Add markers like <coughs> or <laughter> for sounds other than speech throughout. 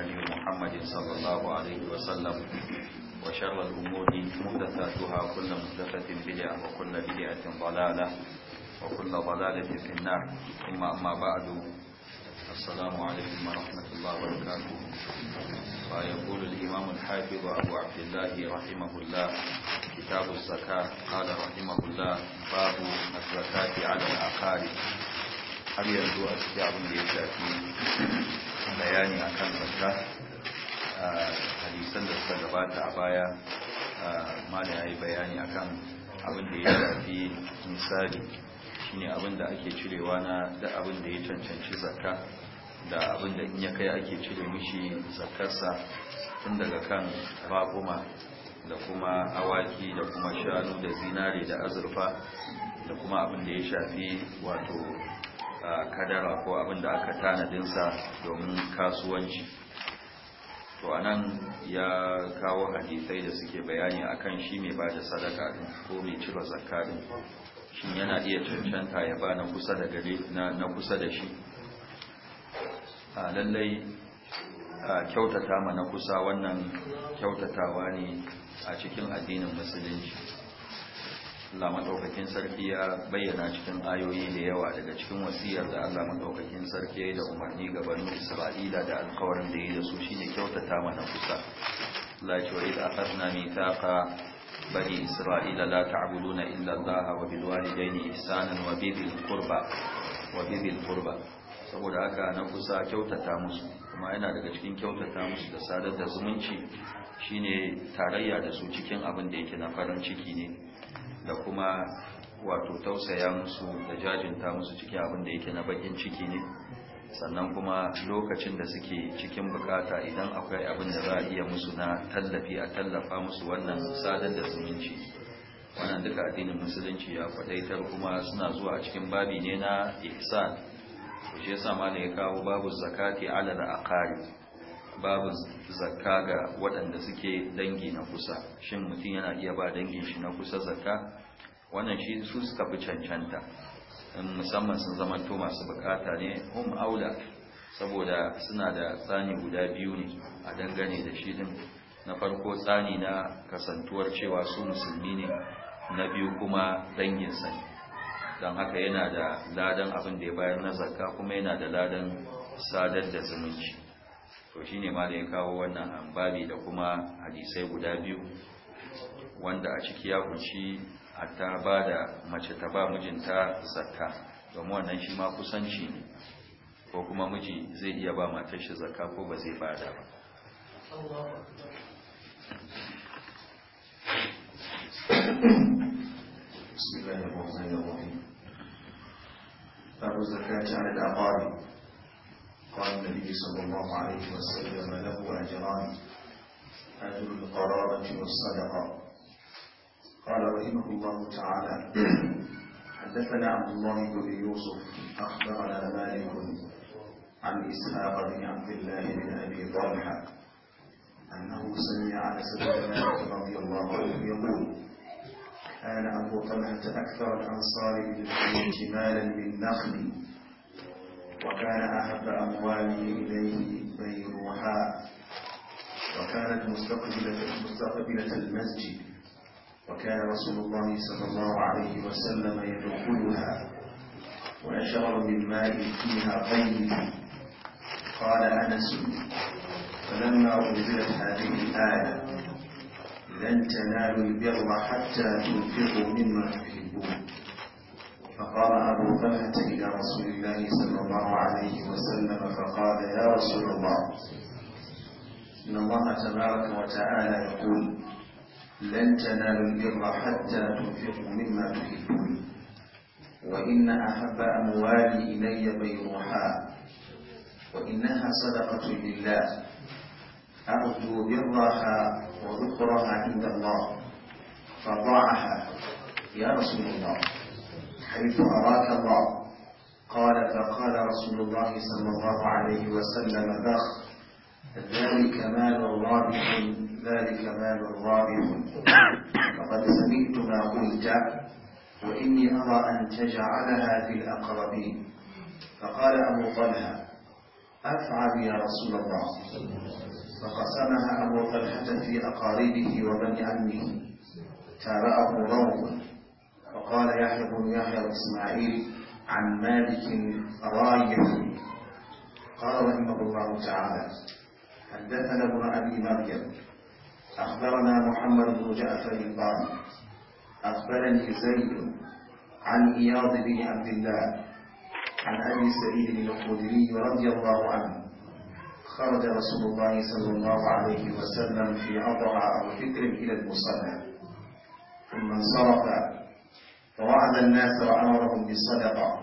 هدي محمد صلى الله عليه وسلم وشر الأمور محدثاتها كل محدثة بدعة وكل بدعة ضلالة وكل ضلالة في النار ثم أما بعد السلام عليكم ورحمة الله وبركاته ويقول الإمام الحافظ أبو عبد الله رحمه الله كتاب الزكاة قال رحمه الله باب الزكاة على العقارب har yanzu a cikin abin da ya shafi bayani akan zakka hadisan da suka gabata a baya malam yi bayani akan abin da ya shafi misali shine abin da ake cirewa na da abin ya cancanci zakka da abin in ya kai ake cire mishi zakkarsa tun daga kan raguma da kuma awaki da kuma shanu da zinare da azurfa da kuma abin ya shafi wato kadara ko abin da aka tanadinsa domin kasuwanci to anan ya kawo hadisai da suke bayani akan shi mai ba da sadaka din ko mai cire zakka din shin yana iya cancanta ya ba na kusa da gare na kusa da shi a lallai a kyautata ma na kusa wannan kyautatawa ne a cikin addinin musulunci Allah madaukakin sarki ya bayyana cikin ayoyi da yawa daga cikin wasiyar da Allah madaukakin sarki ya yi da umarni ga Bani Isra'ila da alƙawarin da ya da su shine kyautata mana kusa la idza akhadna mithaqa bani Isra'ila la ta'buduna illa Allah wa bil walidayni ihsanan wa bil qurba wa bil qurba saboda haka na kusa kyautata musu kuma yana daga cikin kyautata musu da sadar da zumunci shine tarayya da su cikin abin da yake na farin ciki ne da kuma wato tausaya musu da jajinta musu ciki abin da yake na bakin ciki ne sannan kuma lokacin da suke cikin bukata idan akwai abin da za a iya musu na tallafi a tallafa musu wannan sadar da zumunci wannan duka addinin musulunci ya fadaitar kuma suna zuwa cikin babi ne na ihsan shi yasa malam ya kawo babu zakati ala al-aqari babin zakka ga waɗanda suke dangi na kusa shin mutum yana iya ba dangin shi na kusa zakka wannan shi su suka fi cancanta musamman sun zamanto masu bukata ne hum aula saboda suna da tsani guda biyu ne a dangane da shi din na farko tsani na kasantuwar cewa su musulmi ne na biyu kuma dangin sa don haka yana da ladan abin da ya bayar na zakka kuma yana da ladan sadar da zumunci to shine ma da ya kawo wannan babi da kuma hadisai guda biyu wanda a ciki ya kunshi hatta ba da mace ta ba mijinta zakka domin wannan shi ma kusanci ne ko kuma miji zai iya ba matar shi zakka ko ba zai bada ba بسم الله الرحمن الرحيم باب على الأقارب قال النبي صلى الله عليه وسلم له أجران أجر القرابة والصدقة قال رحمه الله تعالى حدثنا عبد الله بن يوسف أخبرنا مالك عن إسحاق بن عبد الله بن أبي طالح أنه سمع أنس بن مالك رضي الله عنه يقول كان أبو طلحة أكثر الأنصار بالحديث مالا بالنخل وكان أحب أمواله إليه بيروحاء وكانت مستقبلة مستقبلة المسجد وكان رسول الله صلى الله عليه وسلم يدخلها ويشرب من ماء فيها طيب قال أنس فلما أنزلت هذه الآية لن تنالوا البر حتى تنفقوا مما تحبون فقام أبو طلحة إلى رسول الله صلى الله عليه وسلم فقال يا رسول الله إن الله تبارك وتعالى يقول لن تنالوا البر حتى تنفقوا مما تحبون وإن أحب أموالي إلي بيضها وإنها صدقة لله أرجو برها وذكرها عند الله فضاعها يا رسول الله حيث أراك الله قال فقال رسول الله صلى الله عليه وسلم بخ ذلك مال رابح ذلك مال رابح فقد سمعت ما قلت وإني أرى أن تجعلها في الأقربين فقال أبو طلحة أفعل يا رسول الله فقسمها أبو طلحة في أقاربه وبني عمه تابعه روض فقال يحيى بن يحيى وإسماعيل عن مالك راية قال رحمه الله تعالى حدثنا ابن أبي مريم أخبرنا محمد بن جعفر قال أخبرني زيد عن إياض بن عبد الله عن أبي سعيد الخدري رضي الله عنه خرج رسول الله صلى الله عليه وسلم في أضعى أو فكر إلى المصلى ثم انصرف فوعد الناس وأمرهم بالصدقة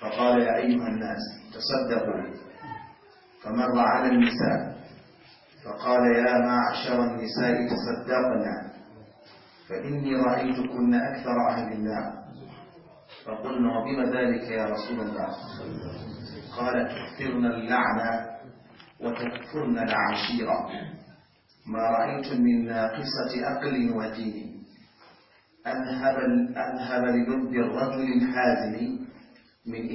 فقال يا أيها الناس تصدقوا فمر على النساء فقال يا معشر النساء تصدقنا فإني رأيتكن أكثر أهل النار فقلنا وبما ذلك يا رسول الله قال تكثرن اللعنة وتكفرن العشيرة ما رأيت من ناقصة أقل ودين أذهب أذهب للب الرجل الحازم من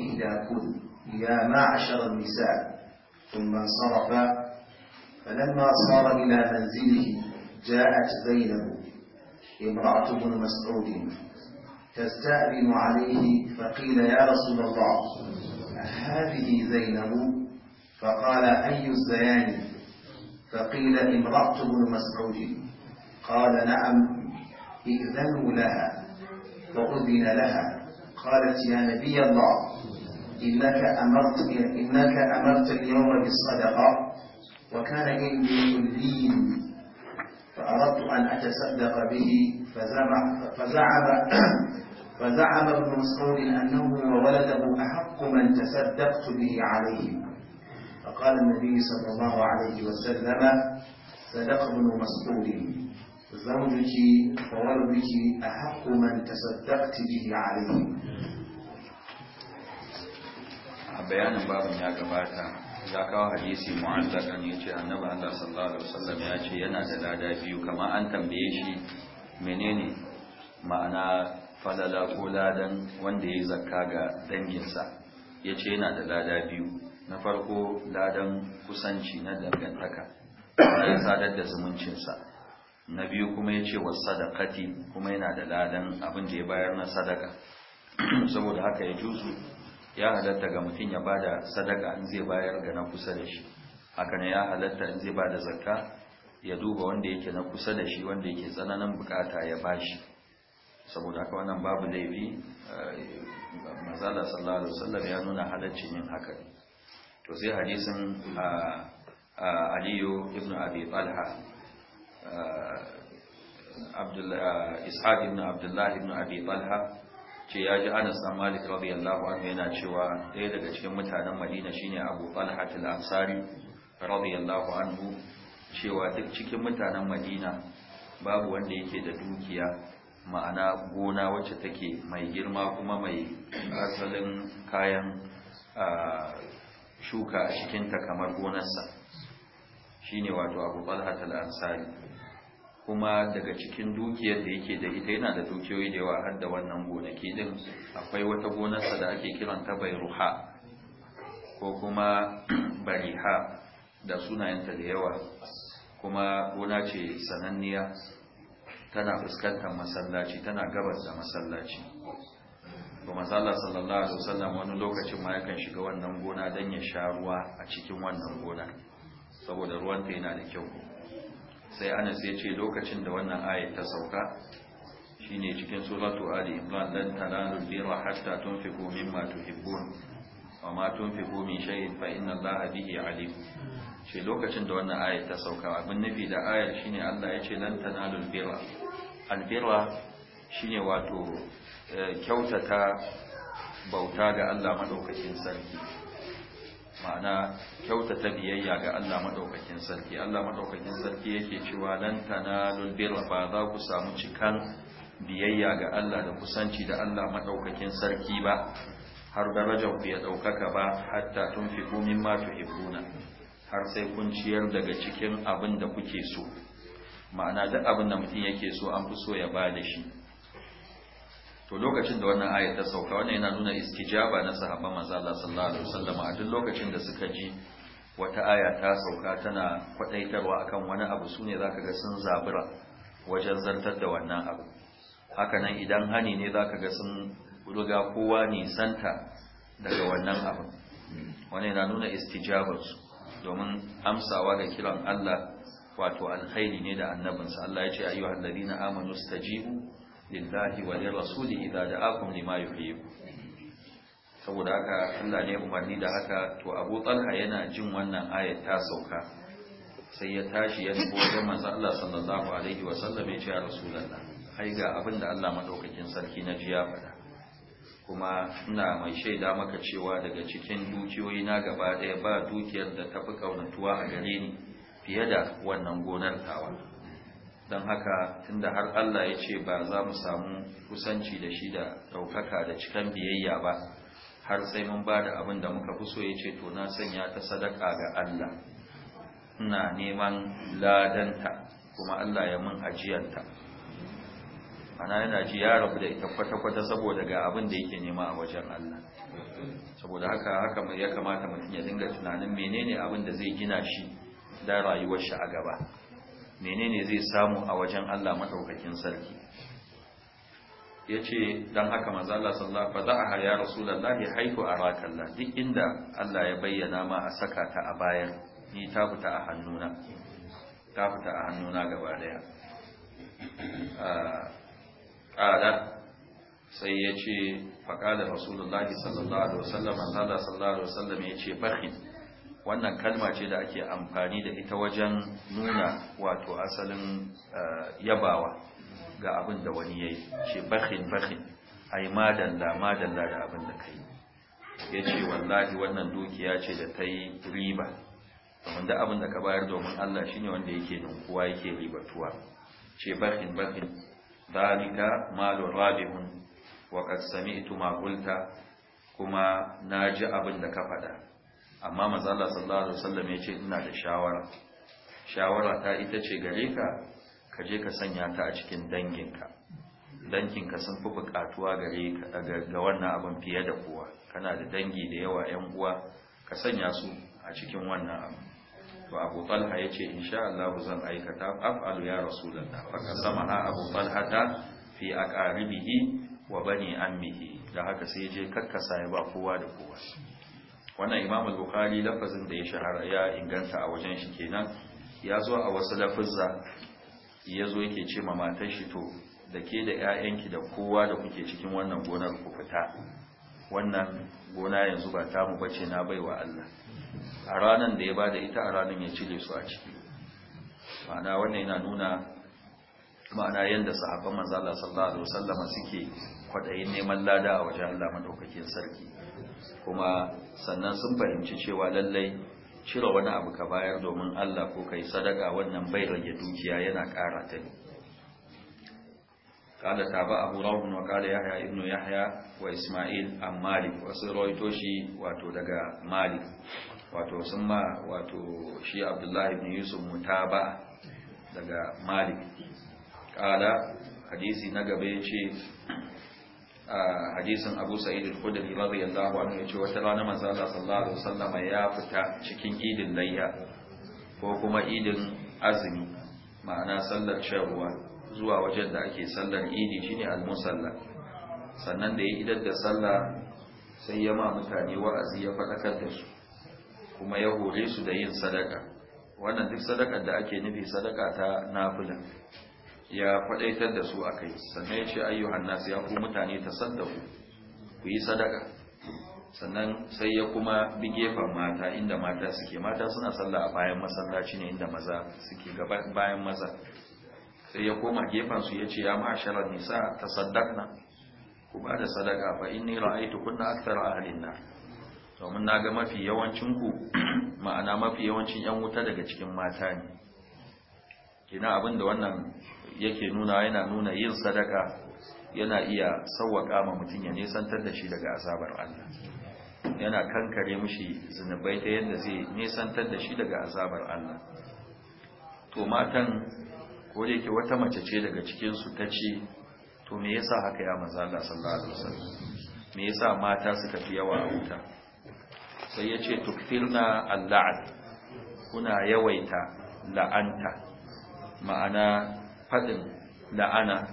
كل يا معشر النساء ثم انصرف فلما صار إلى منزله جاءت زينب امرأة بن مسعود تستأذن عليه فقيل يا رسول الله هذه زينب فقال أي الزيان فقيل امرأة بن مسعود قال نعم إذنوا لها وأذن لها قالت يا نبي الله إنك أمرت إنك أمرت اليوم بالصدقة وكان عندي الدين فأردت أن أتصدق به فزعم فزعم <coughs> فزعم ابن مسعود أنه وولده أحق من تصدقت به عليه فقال النبي صلى الله عليه وسلم صدق ابن مسعود زوجك وولدك أحق من تصدقت به عليه a bayanin babin ya gabata ya kawo hadisi mu'allakan ya ce annabi Allah sallallahu alaihi wasallam ya ce yana da lada biyu kamar an tambaye shi menene ma'ana falala ko ladan wanda ya yi zakka ga danginsa ya ce yana da lada biyu na farko ladan kusanci na dangantaka ya sadar da zumuncinsa na biyu kuma ya ce wa sadakati kuma yana da ladan abin da ya bayar na sadaka <clears throat> saboda haka ya juzu ya halatta ga mutum ya ba da sadaka in zai bayar ga na kusa da shi haka ne ya halatta in zai ba da zakka ya duba wanda yake na kusa da shi wanda yake tsananin bukata ya ba shi saboda haka wannan babu laifi eh, mazala sallallahu alaihi wasallam ya nuna halaccin yin haka to sai hadisin ah, ah, aliyu ibnu abi talha ishaq ibn abdullahi ibn abi talha ce ya ji anas dan malik radiyallahu anhu yana cewa ɗaya daga cikin mutanen madina shine abu talha al ansari radiyallahu anhu cewa duk cikin mutanen madina babu wanda yake da dukiya ma'ana gona wacce take mai girma kuma mai asalin kayan shuka a cikinta kamar gonarsa shine wato abu talha al ansari kuma daga cikin dukiyar da yake da ita yana da dukiyoyi da yawa har da wannan gonaki din akwai wata gonarsa da ake kiran ta bairuha ko kuma <clears throat> bariha da sunayenta da yawa kuma gona ce sananniya tana fuskantar masallaci tana gabas da masallaci to masalla sallallahu alaihi wasallam wani lokacin ma yakan shiga wannan gona don ya sha ruwa a cikin wannan gona saboda ruwanta yana da kyau sai anas ya ce lokacin da wannan ayat ta sauka shine cikin suratu ali imran lan tanalul birra hatta tunfiqu mimma tuhibbun wa ma tunfiqu min shay'in fa inna allaha bihi alim shi lokacin da wannan ayat ta sauka abin nufi da ayar shine Allah ya ce lan tanalul al albirra shine wato eh, kyautata bauta ga Allah madaukakin sarki ma'ana kyautata biyayya ga Allah madaukakin sarki Allah madaukakin sarki yake cewa lan tanalul birra ba za ku samu cikan biyayya ga Allah da kusanci da Allah madaukakin sarki ba har darajar ku ya daukaka ba hatta tun tunfiqu mimma tuhibbuna har sai kun ciyar daga cikin abin da kuke so ma'ana duk abin da mutum yake so an fi so ya ba da shi to lokacin da wannan ayat ta sauka wannan yana nuna istijaba na sahabban manzo Allah sallallahu alaihi wasallam a duk lokacin da suka ji wata aya ta sauka tana kwadaitarwa akan wani abu sune zaka ga sun zabura wajen zartar da wannan abu haka nan idan hani ne zaka ga sun riga kowa ne santa daga wannan abu wannan yana nuna istijabarsu domin amsawa ga kiran Allah wato alkhairi ne da annabinsa Allah ya ce ayyuhal ladina amanu stajibu لله wa lirrasuli جاءكم لما lima saboda haka Allah ne umarni da haka to Abu Talha yana jin wannan ayat ta sauka sai ya tashi ya dubo wajen manzo Allah sallallahu alaihi wa sallam ya ce ya rasulullah ai ga abin da Allah madaukakin sarki na jiya fada kuma ina mai shaida maka cewa daga cikin dukiyoyi na gaba ɗaya ba dukiyar da tafi kaunatuwa a gare ni fiye da wannan gonar tawa don haka tunda har Allah ya ce ba za mu samu kusanci da shi da ɗaukaka da cikin biyayya ba har sai mun ba da abin da muka fi so ya ce to na sanya ta sadaka ga Allah ina neman ladanta kuma Allah ya mun ajiyanta ana yana ji ya rabu da ita kwata-kwata saboda ga abin da yake nema a wajen Allah saboda haka haka ya kamata mutum ya dinga tunanin menene abin da zai gina shi da rayuwar shi a gaba menene zai samu a wajen Allah madaukakin sarki yace dan haka manzo Allah sallallahu alaihi wasallam ya rasulullahi haiku araka Allah duk inda Allah ya bayyana ma a saka ta a bayan ni ta fita a hannuna ta fita a hannuna gaba daya qala sai ya ce yace da rasulullahi sallallahu alaihi wasallam Allah sallallahu alaihi wasallam ce bakhin wannan kalma ce da ake amfani da ita wajen nuna wato asalin eh, yabawa ga abin da wani ya yi ce bakin bakin ai madalla madalla da abin da kai ya ce wallahi wannan dukiya ce da ta yi riba domin da abin da ka bayar domin allah shine wanda yake ninkuwa yake ribatuwa ce bakin bakin dalika malu rabihun wa sami'tu ma qulta kuma naji abin da ka faɗa amma mazala sallallahu alaihi wasallam ya ce ina da shawara shawara ta ita ce gare ka ka je ka sanya ta a cikin danginka danginka sun fi bukatuwa gare ka ga wannan abin fiye da kowa kana da dangi da yawa yan uwa ka sanya su a cikin wannan abin. to Abu Talha ce insha Allah zan aikata af'alu ya rasulullah fa ha Abu Talha ta fi aqaribihi wa bani ammihi da haka sai je kakkasa ya ba kowa da kowa wannan imam al-bukhari lafazin da ya shahara ya inganta a wajen shi kenan ya zo a wasu lafazza ya zo yake ce ma matar shi to da ke da 'ya'yanki da kowa da kuke cikin wannan gonar ku fita wannan gona yanzu ba ta mu bace na baiwa Allah a ranan da ya bada ita a ranan ya cire su a ciki ma'ana wannan yana nuna ma'ana yanda sahabban manzo Allah sallallahu alaihi wasallam suke kwadayin neman lada a wajen Allah madaukakin sarki kuma sannan sun fahimci cewa lallai cire wani abu ka bayar domin Allah ko kai sadaka wannan bai rage dukiya yana ƙara ta ne kada ta ba abu rahun wa kada yahya ibn yahya wa isma'il an malik wasu rawaito shi wato daga malik wato sun ma wato shi abdullahi ibn yusuf mutaba daga malik kada hadisi na gaba ya ce hadisin Abu Sa'id al-Khudri radiyallahu anhu yace wata rana manzo Allah sallallahu alaihi wasallam ya fita cikin idin layya ko kuma idin azumi ma'ana sallar shawwa zuwa wajen da ake sallar idi shine al-musalla sannan da ya idar da sallah sai ya ma mutane wa'azi ya fadakar da su kuma ya hore su da yin sadaka wannan duk sadakar da ake nufi sadaka ta nafila ya faɗaitar da su a kai, sannan ya ce ayyuhan nas ya ku mutane ta tasaddaku ku yi sadaka sannan sai ya kuma bi gefen mata inda mata suke mata suna sallah a bayan masallaci ne inda maza suke bayan maza sai ya koma gefen su ya ce ya ma'asharar nisa ta tasaddaqna ku ba da sadaka fa inni ra'aytu kunna akthar ahlin nar domin naga mafi yawancin ku <clears throat> ma'ana mafi yawancin yan wuta daga cikin mata ne kina abin da wannan yake nuna yana nuna yin sadaka yana iya sauwaka ma mutum ya nesantar da shi daga azabar Allah yana kankare mishi zunubai ta yadda zai nesantar da shi daga azabar Allah to matan ko da yake wata mace ce daga cikin su ta ce to me yasa haka ya manzo Allah sallallahu alaihi wasallam me yasa mata suka fi yawa a wuta sai yace tukfirna al allah! kuna yawaita la'anta ma'ana faɗin la'ana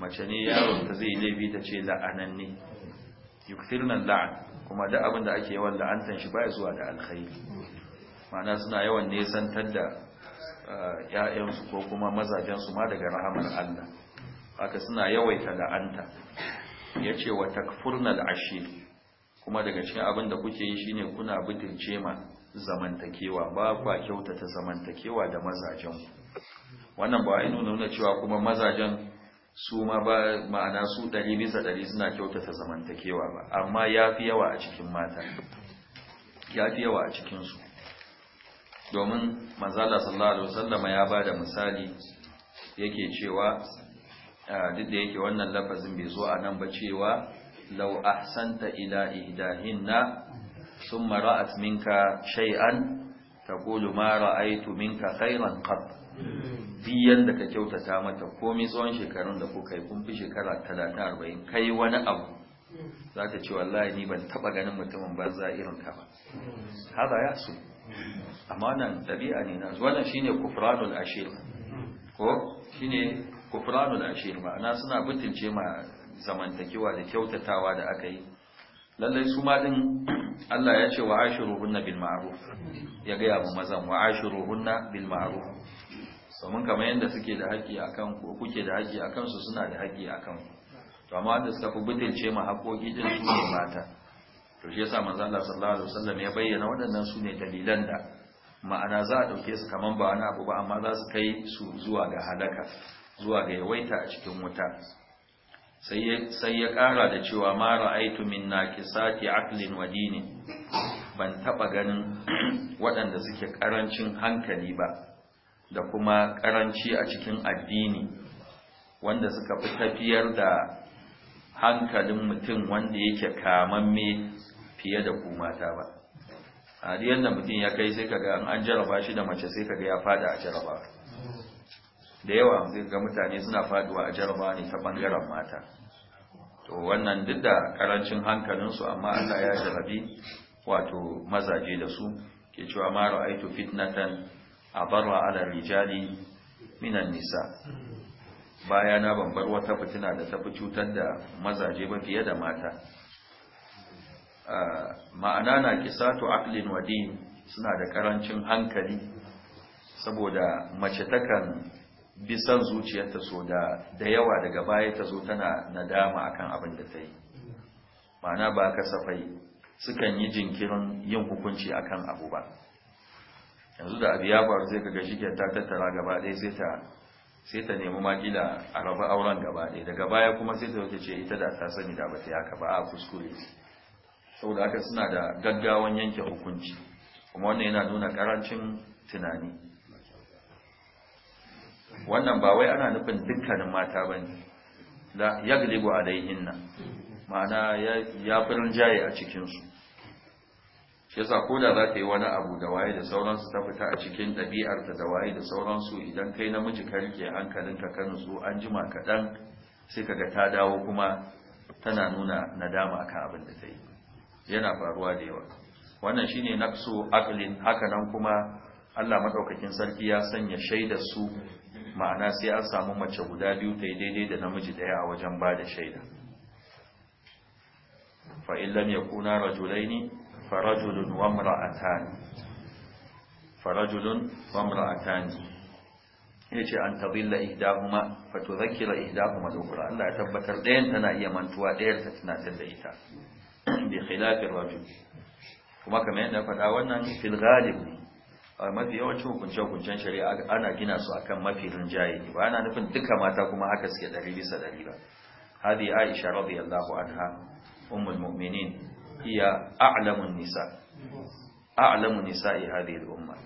mace ne yaron ta zai laifi ta ce la'anan ne la'an kuma da abin da ake yawan la'antan shi baya zuwa da alkhairi ma'ana suna yawan nesantar da ya'yansu eh, ko kuma mazajensu ma daga rahamar Allah haka suna yawaita la'anta yace wa takfurnal ashi kuma daga cikin abin da kuke yi shine kuna butulce ma zamantakewa ba kwa kyautata zamantakewa da mazajenku wannan ba ya nuna cewa kuma mazajen su ma ba ma'ana su ɗari bisa ɗari suna kyautata zamantakewa ba amma ya fi yawa a cikin mata ya fi yawa a cikinsu domin mazala sallallahu alaihi wasallama ya ba da misali yake cewa duk da yake wannan lafazin bai zo a nan ba cewa lau ahsanta ila ihdahinna thumma ra'at minka shay'an taqulu ma ra'aytu minka khayran qat biyan da ka kyautata mata komai tsawon shekarun da kuka yi kun fi shekara talatin arba'in kai wani abu za ta ce wallahi ni ban taba ganin mutumin ba banza irin ka ba haza ya su amma nan ɗabi'a ne nasu wannan shine kufranul ashir ko shine kufranul ashir ma'ana suna bitince ma zamantakewa da kyautatawa da aka yi lallai su ma din Allah ya ce wa hunna bil ma'ruf ya ga ya mazan wa hunna bil ma'ruf domin kamar yadda suke da haƙƙi a kan ko kuke da haƙƙi a kansu suna da haƙƙi a kan ku to amma wanda suka fi butulce ma haƙoƙi din su ne mata to shi yasa manzo Allah sallallahu alaihi wasallam ya bayyana waɗannan su ne dalilan da ma'ana za a ɗauke su kaman ba wani abu ba amma za su kai su zuwa ga halaka zuwa ga yawaita a cikin wuta sai ya ƙara da cewa ma ra'aitu min naqisati aqlin wa dinin ban taɓa ganin <clears throat> waɗanda suke ƙarancin hankali ba da kuma karanci a cikin addini wanda suka fi tafiyar da hankalin mutum wanda yake kamamme fiye da ku mata ba a yadda mutum ya kai sai kaga an jaraba shi da mace sai kaga ya fada a jaraba da yawa zai ga mutane suna faduwa a jaraba ne ta bangaren mata to wannan duk da karancin hankalinsu amma Allah ya jarabi wato mazaje da su ke cewa ma ra'aitu fitnatan A abarwa ala rijali minan nisa baya na bambar wata fitina da tafi cutar da mazaje ba fiye da mata ma'ana na kisatu aqlin wa suna da karancin hankali saboda mace takan bi san zuciyarta so da da yawa daga baya ta zo tana nadama akan abin da ta yi ma'ana ba kasafai sukan yi jinkirin yin hukunci akan abu ba yanzu da abu ya faru zai kaga shi ta tattara gaba ɗaya sai ta sai ta nemi makila a raba auren gaba ɗaya daga baya kuma sai ta yake ce ita da ta sani da bata yaka ba a kuskure saboda haka suna da gaggawan yanke hukunci kuma wannan yana nuna karancin tunani wannan ba wai ana nufin dukkanin mata ba bane da yaglibu alaihinna ma'ana ya firin jaye a su shi yasa ko za ta yi wani abu da waye da sauransu ta fita a cikin ɗabi'arta da waye da sauransu idan kai namiji ka rike hankalinka ka nutsu an jima kaɗan sai ka ga ta dawo kuma tana nuna nadama akan abin da ta yi yana faruwa da yawa wannan shine naqsu aqlin haka nan kuma Allah madaukakin sarki ya sanya shaida su ma'ana sai an samu mace guda biyu ta yi daidai da namiji ɗaya a wajen ba da shaida fa in lam yakuna rajulaini farajulun wa mra'atan farajulun wa mra'atan yace an tadilla ihdahuma fatudhakkira ihdahuma al-ukhra Allah ya tabbatar dayan tana iya mantuwa ɗayar ta tunatar da ita bi khilafi rajul kuma kamar yadda faɗa wannan fil ghalib ne mafi yawancin hukunce hukuncen shari'a ana gina su akan mafi rinjaye ne ba ana nufin duka mata kuma haka suke ɗari bisa ɗari ba hadi aisha radiyallahu anha ummul mu'minin hiya a'lamun nisa a'lamun nisa'i hadhihi al-umma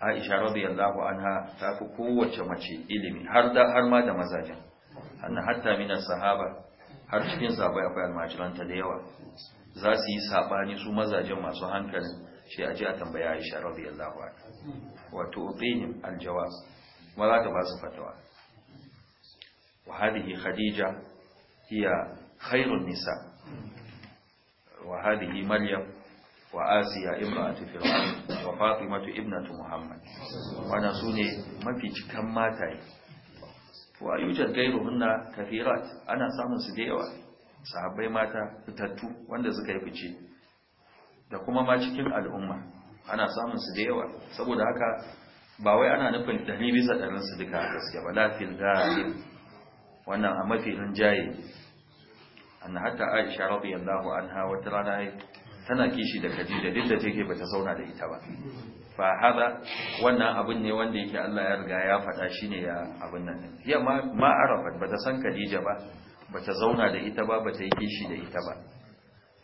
Aisha radiyallahu anha ta fi kowace mace ilimi har da har ma da mazajin anna hatta minan sahaba har cikin sahabbai akwai almajiranta da yawa za su yi sabani su mazajin masu hankali shi a ji a tambaya Aisha radiyallahu anha wato utihim aljawab ma za ta ba su fatawa wa hadhihi khadija hiya khairun nisa wa hadihi maryam wa asiya imratu fir'aun wa fatimatu ibnatu muhammad wana sune mafi cikan mataye wa yujad gairuhunna kathirat ana samun su da yawa sahabbai mata fitattu wanda suka yi fice da kuma ma cikin al'umma ana samun su da yawa saboda haka ba wai ana nufin dari bisa ɗarin su duka gaskiya ba lafil ga'ib wannan a mafi rinjaye an hatta aisha radiyallahu anha wata rana tana kishi da khadija duk da take bata zauna da ita ba fa hada wannan abin ne wanda yake Allah ya riga ya faɗa shine ya abin nan ya ma ma arafat bata san kadija ba bata zauna da ita ba bata yi kishi da ita ba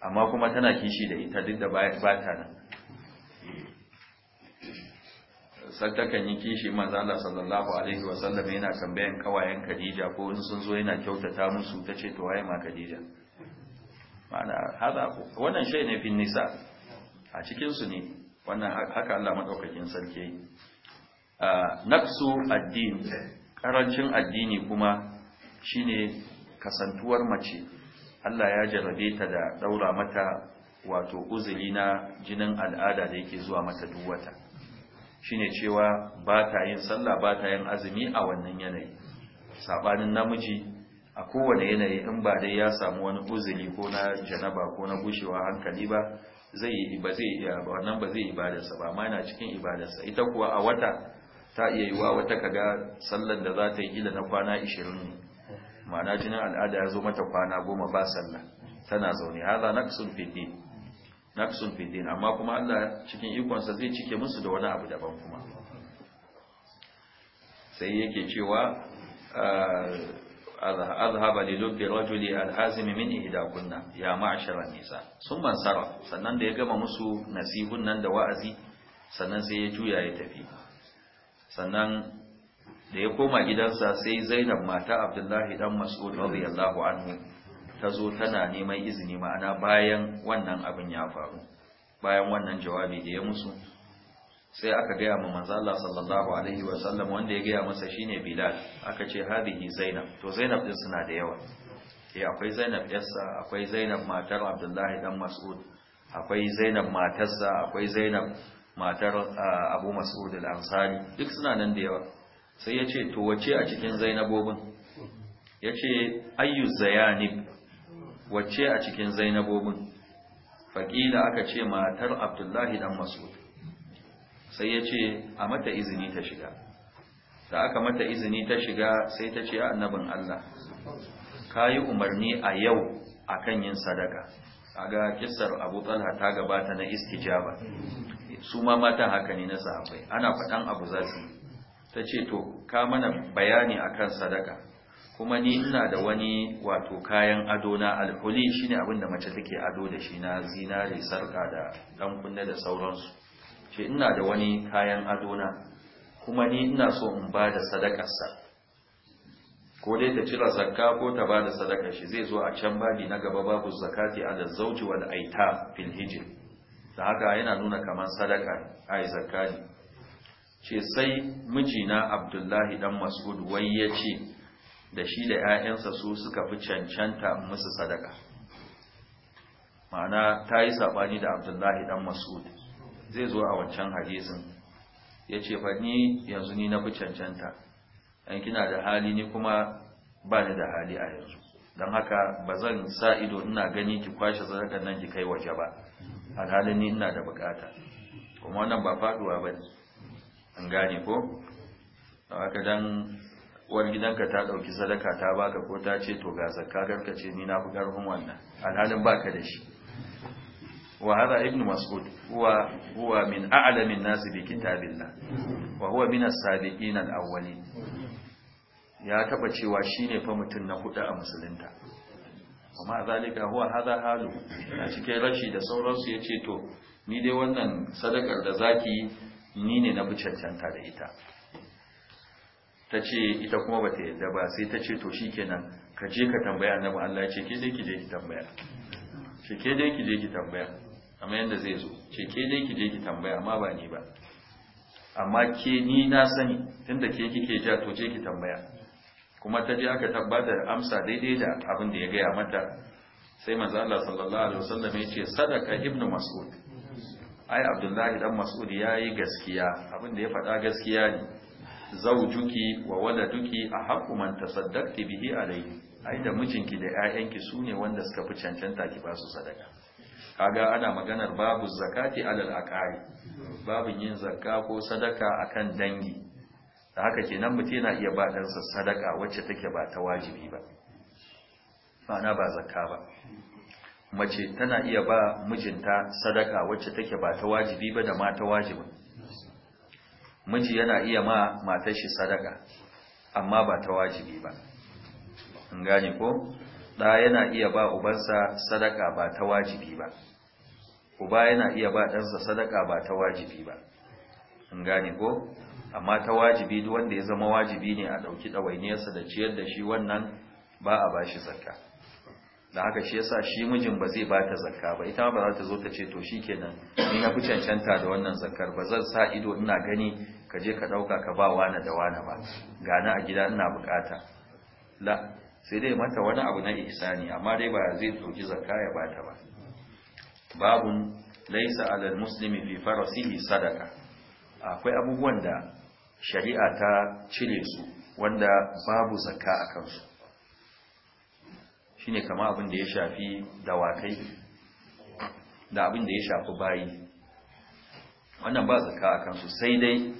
amma kuma tana kishi da ita duk da ba ta nan takan yi kishi manzo Allah sallallahu alaihi wa sallam yana tambayan kawayen Khadija ko wani sun zo yana kyautata musu tace to waye ma Khadija ma'ana hada wannan shay ne fin nisa a cikin su ne wannan haka Allah madaukakin sarki naqsu Nafsu addini karancin addini kuma shine kasantuwar mace Allah ya jarrabe ta da daura mata wato uzuri na jinin al'ada da yake zuwa mata duk wata shine cewa ba ta yin sallah ba ta yin azumi a wannan yanayi sabanin namiji a kowane yanayi in ba dai ya samu wani uzuri ko na janaba ko na gushewa hankali ba zai yi ba zai iya wannan ba zai ibadarsa ba amma yana cikin ibadarsa ita kuwa a wata ta iya yiwa wata kaga sallar da za ta yi ila na kwana 20 ma'ana jinin al'ada ya zo mata kwana goma ba sallah tana zaune haza naqsun fi din naqsun fi amma kuma Allah cikin ikonsa zai cike musu da wani abu daban kuma sai yake cewa ah, azhaba li lubbi rajuli alhazim min ihdakunna ya ma'shara nisa sun mansara sannan da ya gama musu nasihun nan da wa'azi sannan sai ya juya ya tafi sannan da ya koma gidansa sai Zainab mata Abdullahi dan Mas'ud radiyallahu anhu ta zo tana neman izini ma'ana bayan wannan abin ya faru bayan wannan jawabi da ya musu sai aka gaya ma manzo Allah sallallahu alaihi wa sallam wanda ya gaya masa shine Bilal aka ce hadihi Zainab to Zainab din suna da yawa eh akwai Zainab yarsa akwai Zainab matar Abdullahi dan Mas'ud akwai Zainab matarsa akwai Zainab matar Abu Mas'ud al-Ansari duk suna nan da yawa sai ya ce to wace a cikin Zainabobin yace ce ayyu Zayanib wacce a cikin zainabobin faƙila aka ce matar abdullahi dan masud sai ya ce a mata izini ta shiga da aka mata izini ta shiga sai ta ce annabin Allah ka yi umarni a yau akan yin sadaka A ga kisar abu talha ta gabata na istijaba su ma matan haka ne na sahabai ana faɗan abu za su ta ce to ka mana bayani akan sadaka kuma ni ina da wani wato kayan ado na alhuli shine abin da mace take ado da shi na zinare sarka da dan kunne da sauransu ce ina da wani kayan ado na kuma ni ina so in ba da sadakarsa ko dai ta cira zakka ko ta ba da sadakar shi zai zo a can babi na gaba babu zakati ala zawji wal aita fil hijr da haka yana nuna kamar sadaka ai zakka ce sai mijina abdullahi dan mas'ud wai ya ce da shi da 'ya'yansa su suka fi cancanta musu sadaka ma'ana ta yi saɓani da abdullahi ɗan masud zai zo a wancan hadisin ya ce fa ni yanzu ni na fi cancanta yan kina da hali ni kuma ba ni da hali a yanzu don haka ba zan sa ido ina gani ki kwashe sadakan nan ki kai waje ba alhalin ni ina da bukata kuma wannan ba faɗuwa ba ne an gane ko haka don. wani gidanka ta ɗauki sadaka ta baka ko ta ce to ga zakka garka ce ni na fi ƙarfin wannan alhalin baka da shi wa hada ibnu mas'ud huwa huwa min a'lamin nas bi kitabillah wa huwa min as-sabiqin al-awwalin ya taba cewa shine fa mutun na hudu a musulunta amma zalika huwa hada halu a cikin rashi da sauransu yace to ni dai wannan sadakar da zaki ni ne na bi cancanta da ita ta ce ita kuma ba ta yadda ba sai ta ce to shi kenan ka je ka tambaya annabi Allah ya ce ke dai ki je ki tambaya ce ke dai ki je ki tambaya amma yanda zai zo ce ke dai ki je ki tambaya amma ba ni ba amma ke ni na sani tunda ke kike ja to je ki tambaya kuma ta je aka tabbatar amsa daidai da abin da ya gaya mata sai manzo Allah sallallahu alaihi wasallam ya ce sadaka ibnu mas'ud ai abdullahi dan mas'ud yayi gaskiya abin da ya faɗa gaskiya ne zaujuki wa waladuki a haƙu man tasaddaqti bihi alayhi ai da mijinki da ƴaƴanki sune wanda suka fi cancanta ki ba su sadaka kaga ana maganar babu zakati alal aqari babu yin zakka ko sadaka akan dangi da haka kenan mutum yana iya ba sa sadaka wacce take ba ta wajibi ba ma'ana ba zakka ba mace tana iya ba mijinta sadaka wacce take ba ta wajibi ba da ma ta wajibi. miji yana iya ma matar shi sadaka amma ba ta wajibi ba in gane ko da yana iya ba ubansa sadaka ba ta wajibi ba uba yana iya ba ɗansa sadaka ba ta wajibi ba in gane ko amma ta wajibi duk wanda ya zama wajibi ne a ɗauki ɗawainiyarsa da ciyar da shi wannan ba a ba shi zakka da haka shi yasa shi mijin ba zai bata zakka ba ita ba za ta zo ta ce to shi shikenan ni na fi cancanta da wannan zakkar ba zan sa ido ina gani ka je ka dauka ka ba wani da wani ba ga na a gida ina bukata la sai dai mata wani abu na ihsani amma dai ba zai dauki zakka ya bata ba babun laisa alal muslimi fi farasihi sadaka akwai abubuwan da shari'a ta cire su wanda babu zakka akan su shine kama abin da ya shafi dawakai da abin da ya shafi bayi wannan ba zaka a kansu sai dai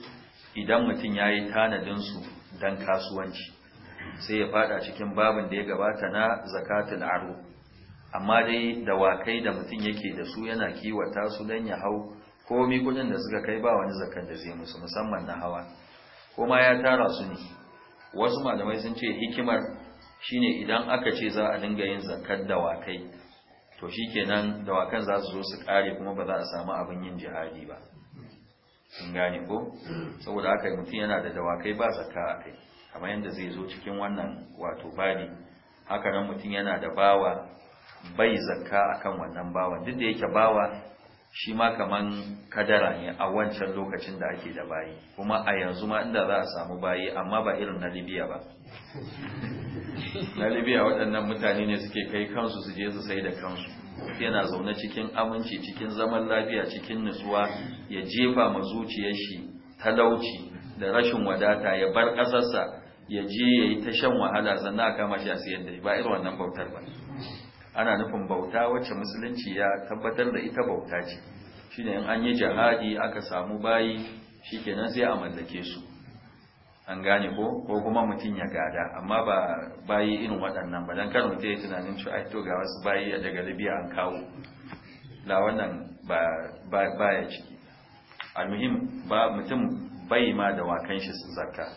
idan mutum ya yi tanadinsu don kasuwanci sai ya fada cikin babin da ya gabata na zakatul aro amma dai dawakai da mutum yake da su yana kiwata su dan ya hau komi kudin da suka kai ba wani zakar da zai musu musamman na hawa kuma ya tara su ne wasu malamai sun ce hikimar shine idan aka ce za a dinga yin zakar dawakai to shikenan dawakan za su zo su kare kuma ba za a samu abin yin jihadi ba sun gane ko saboda haka mutum yana da dawakai ba zakka a kai kamar yadda zai zo cikin wannan wato bari haka nan mutum yana da bawa bai zakka akan wannan bawa duk da yake bawa shi ma kaman kadara ne a wancan lokacin da ake da bayi kuma a yanzu ma inda za a samu bayi amma ba irin na libya ba galibi a waɗannan mutane ne suke kai kansu su je su sai da kansu yana zaune cikin aminci cikin zaman lafiya cikin nutsuwa ya jefa ma zuciyar shi talauci da rashin wadata ya bar ƙasarsa ya je ya yi ta shan wahala sannan a kama shi a siyar da ba irin wannan bautar ba ana nufin bauta wacce musulunci ya tabbatar da ita bauta ce shine in an yi jihadi aka samu bayi shikenan sai a mallake su an gane ko ko kuma mutum ya gada amma ba bayi irin waɗannan ba don kar mutum ya tunanin cewa ai to ga wasu bayi a daga libya an kawo la wannan ba ba ya ciki almuhim ba mutum bai ma da wakan shi su zakka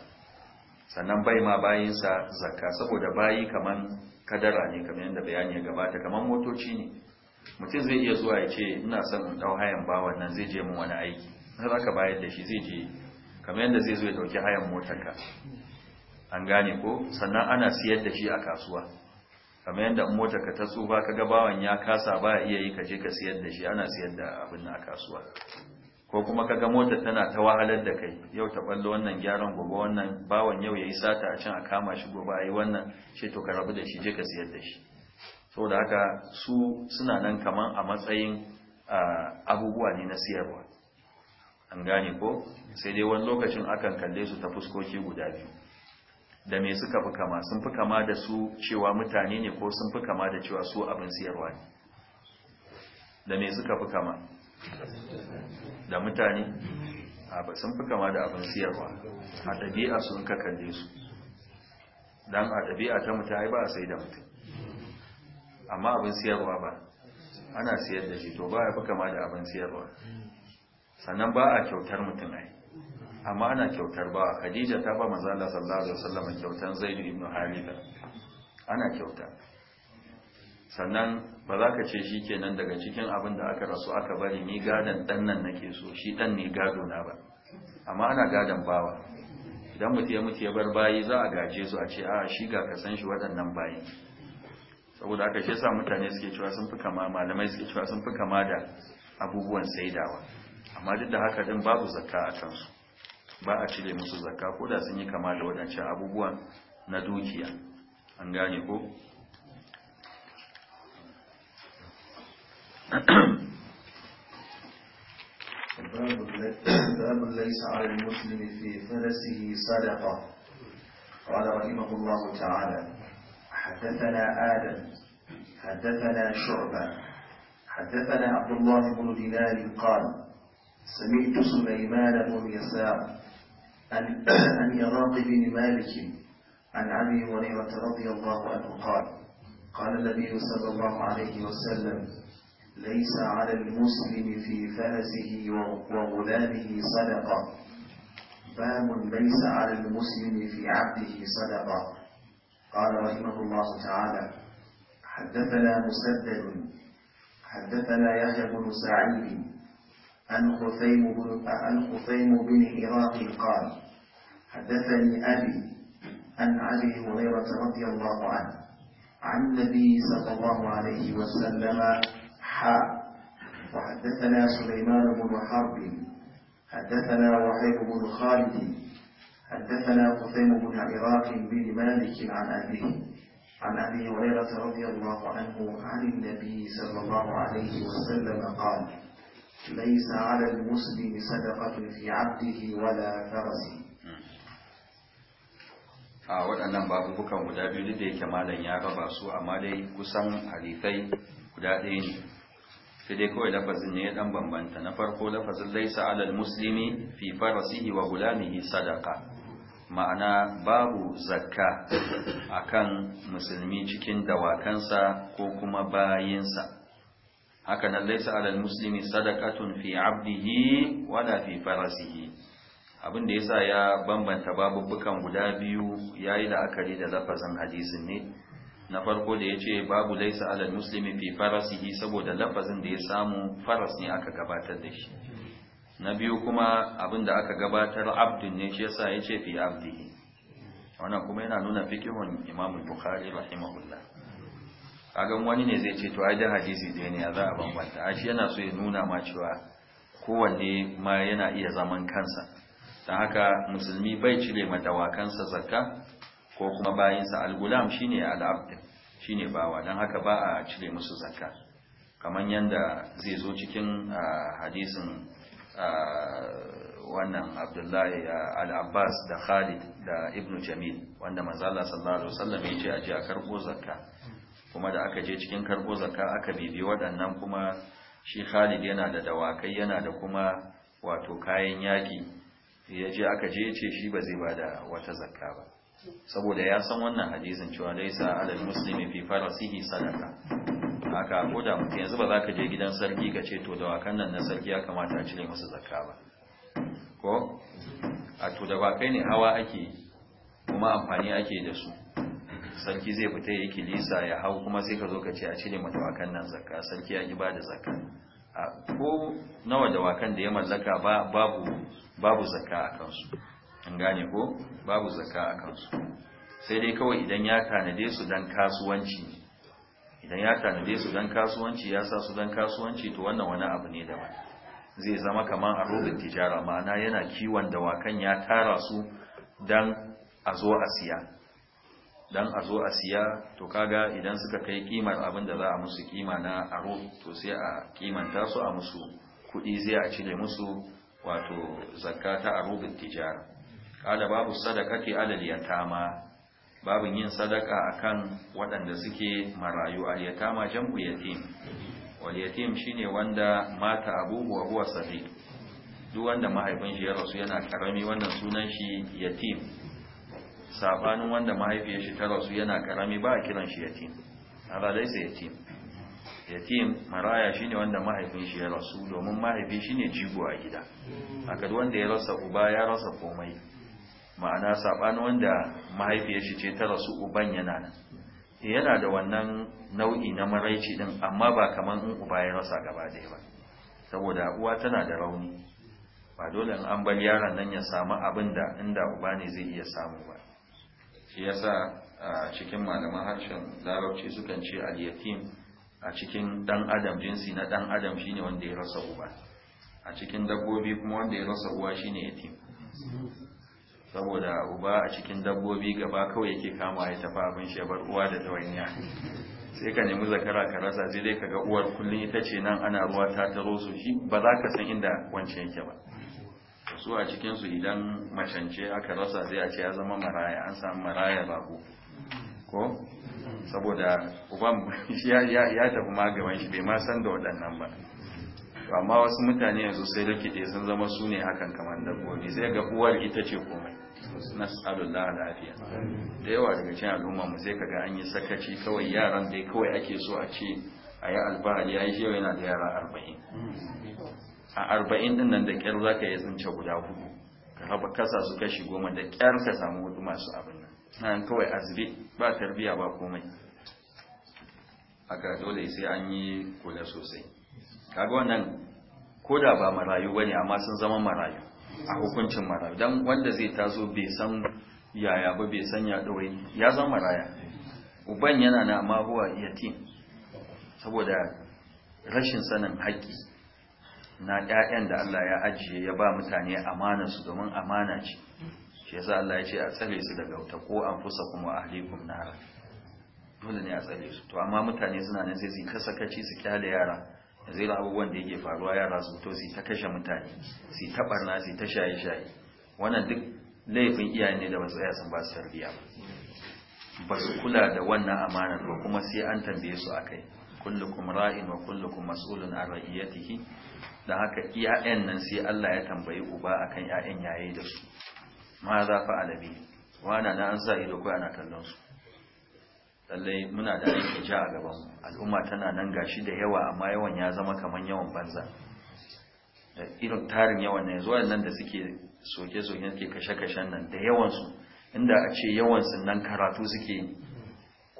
sannan bai ma bayinsa zakka saboda bayi kaman kadara ne kamar yadda bayani ya gabata kaman motoci ne mutum zai iya zuwa ya ce ina son in dau hayan bawan nan zai je mu wani aiki har bayar da shi zai je kamar yadda zai zo ya dauki hayan motarka an gane ko sannan ana siyar da shi a kasuwa kamar yadda ka ta tsufa ka ga bawan ya kasa ba iya yi ka je ka siyar da shi ana siyar da abin a kasuwa ko kuma ka ga motar tana ta wahalar da kai yau ta ballo wannan gyaran gobe wannan bawan yau yayi sata a can a kama shi gobe ayi wannan shi to ka rabu da shi je ka siyar da shi saboda haka su suna nan kaman a matsayin ah, abubuwa ne na siyarwa an gane ko sai dai wani lokacin akan kalle su ta fuskoki guda biyu da me suka fi kama sun fi kama da su cewa mutane ne ko sun fi kama da cewa su abin siyarwa ne da me suka fi kama da mutane ba sun fi kama da abin siyarwa a ɗabi'a sun ka kalle su don a ɗabi'a ta mutu ba a sai da mutum amma abin siyarwa ba ana siyar da shi to ba ya fi kama da abin siyarwa sannan ba a kyautar mutum ai amma ana kyautar ba khadija ta ba manzo Allah sallallahu alaihi wasallam kyautan zaid ibn halida ana kyauta sannan ba za ka ce shi kenan daga cikin abin da aka rasu aka bari ni gadon dan nan nake so shi dan ne gado na ba amma ana gadon bawa idan mutu ya mutu ya bar bayi za a gaje su a ce a shi ga ka san shi waɗannan bayi saboda aka shi sa mutane suke cewa sun fi kama malamai suke cewa sun fi kama da abubuwan saidawa amma duk da haka din babu zakka a kansu ba a cire musu zakka ko da sun yi kama da waɗancan abubuwa na dukiya an gane ko باب ليس على المسلم في فرسه صدقة قال رحمه الله تعالى حدثنا آدم حدثنا شعبة حدثنا عبد الله بن دينار قال سمعت سليمان بن يسار عن <clears throat> عن يراق بن مالك عن ابي هريره رضي الله عنه قال قال النبي صلى الله عليه وسلم ليس على المسلم في فرسه وغلامه صدقه باب ليس على المسلم في عبده صدقه قال رحمه الله تعالى حدثنا مسدد حدثنا يحيى بن سعيد عن خثيم بن عن خثيم بن هراق قال حدثني أبي عن أبي هريرة رضي الله عنه عن النبي صلى الله عليه وسلم حاء وحدثنا سليمان بن حرب حدثنا وحيد بن خالد حدثنا خثيم بن عراق بن مالك عن أبيه عن أبي هريرة رضي الله عنه عن النبي صلى الله عليه وسلم قال ليس على المسلم صدقة في عبده ولا فرسه a waɗannan babubukan guda biyu da yake malam ya raba su amma dai kusan halifai guda ɗaya ne sai dai kawai lafazin ne ya ɗan bambanta na farko lafazin laisa alal muslimi fi farasihi wa gulamihi sadaka ma'ana babu zakka a kan musulmi cikin dawakansa ko kuma bayinsa haka nan laisa alal muslimi sadaqatun fi abdihi wala fi farasihi abin da yasa ya bambanta babubbukan guda biyu yayi la'akari da lafazan hadisin ne na farko da yace babu laisa alal muslimi fi farasihi saboda lafazin da ya samu faras ne aka gabatar da shi na biyu kuma abin da aka gabatar abdu ne shi yasa yace fi abdihi wannan kuma yana nuna fikihun Imam Bukhari rahimahullah kagan wani ne zai ce to ai da hadisi dai ne za a bambanta a shi yana so ya nuna ma cewa kowanne ma yana iya zaman kansa don haka musulmi bai cire ma dawakansa zakka ko kuma bayinsa al-gulam shine al-abd shine bawa don haka ba a cire musu zakka kamar yanda zai zo cikin hadisin wannan abdullahi al-abbas da khalid da ibnu jamil wanda manzala sallallahu alaihi wasallam ya ce a ji a karɓo zakka kuma da aka je cikin karbo zakka aka bibi waɗannan kuma shi Khalid yana da dawakai yana da kuma wato kayan yaƙi, ya je aka je ce shi ba zai bada wata zakka ba saboda ya san wannan hadisin cewa laisa alal muslimi fi farasihi sadaka haka ko da mutum yanzu ba za ka je gidan sarki ka ce to dawakan nan na sarki ya kamata a cire masa zakka ba ko a to dawakai ne hawa ake kuma amfani ake da su sarki zai fita ya kilisa ya hau kuma sai ka zo ka ce a cire madawakan nan zakka sarki ya ki ba da zakka ko nawa dawakan da ya mallaka babu babu zakka a kansu an gane ko babu zakka a kansu sai dai kawai idan ya tanade su dan kasuwanci idan ya tanade su dan kasuwanci ya sa su dan kasuwanci to wannan wani abu ne daban zai zama kamar a rubin tijara ma'ana yana kiwon dawakan ya tara su dan a zo a siya dan a zo a siya to kaga idan suka kai kimar abin da za a musu kima na aro to sai a kimanta su a musu kudi sai a cire musu wato zakka ta aro bin tijara Kada babu sadaka ke adal yatama Babu yin sadaka akan waɗanda suke marayu al yatama jam'u yatim wal yatim shine wanda mata abubuwa wa huwa sadiq duk wanda mahaifin shi ya rasu yana karami wannan sunan shi yatim sabanin wanda mahaifiyar shi ta rasu yana karami ba a kiran shi yatim ala sai yatim yatim maraya shine wanda mahaifin shi ya rasu domin mahaifin shi ne jigo a gida haka wanda ya rasa uba ya rasa komai ma'ana sabanin wanda mahaifiyar shi ce ta rasu uban yana nan eh, yana da wannan nau'i na maraici din amma ba kaman in uba ya rasa gaba ɗaya ba saboda uwa tana da rauni ba dole in an bar yaron nan ya samu abin da inda uba ne zai iya samu ba shi yasa a cikin malaman harshen larabci sukan ce al-yatim a cikin dan adam jinsi na dan adam shine wanda ya rasa uba a cikin dabbobi kuma wanda ya rasa uwa shine yatim saboda uba a cikin dabbobi gaba kawai yake kama ya tafi abin shi ya bar uwa da tawainiya sai ka nemi zakara ka rasa sai dai ga uwar kullun ita ce nan ana ruwa ta taro su shi ba za ka san inda wancan yake ba su a cikinsu idan macance aka rasa zai a ce ya zama maraya an samu maraya rago ko saboda uban <laughs> ya tafi magaban shi bai ma san da waɗannan ba amma wasu mutane yanzu sai rikide sun zama su ne hakan kamar dabbobi sai ga uwar ita ce komai na tsalullah lafiya da yawa daga cikin al'umma mu sai kaga an yi sakaci kawai yaran dai kawai ake so a ce a yi alfahari ya yi yana da yara arba'in a arba'in din nan da ƙyar za ka iya tsince guda hudu ka raba kasa su kashi goma da ƙyar ka samu hudu masu abin nan nan kawai zube, ba tarbiya ba komai A ga dole sai an yi kula sosai kaga wannan ko da ba marayu ba ne amma sun zama marayu a hukuncin marayu Don wanda zai taso bai san yaya ba bai san ya ya zama maraya uban yana na amma huwa yatim saboda rashin sanin haƙƙi na ƴaƴan da Allah ya ajiye ya ba mutane amana su domin amana ce shi yasa Allah ya ce a tsare su daga wuta ko an fusa kuma a na nara dole ne a tsare su to amma mutane suna nan sai su kasakaci su kyale yara zai da abubuwan da yake faruwa yara su to su ta kashe mutane su ta barna su ta shaye shaye wannan duk laifin iyaye ne da ba tsaya san ba su tarbiya ba su kula da wannan amana ba kuma sai an tambaye su akai kullukum ra'in wa kullukum mas'ulun an ra'iyatihi da haka iyayen nan sai Allah ya tambayi uba akan iyayen yayi da su ma za fa alabi wana na an sa ido kai ana kallon su lallai muna da aiki ja a gaban al'umma tana nan gashi da yawa amma yawan ya zama kaman yawan banza da irin tarin yawan ne zuwa nan da suke soke soke suke kashe kashen nan da yawan su inda a ce yawan sun nan karatu suke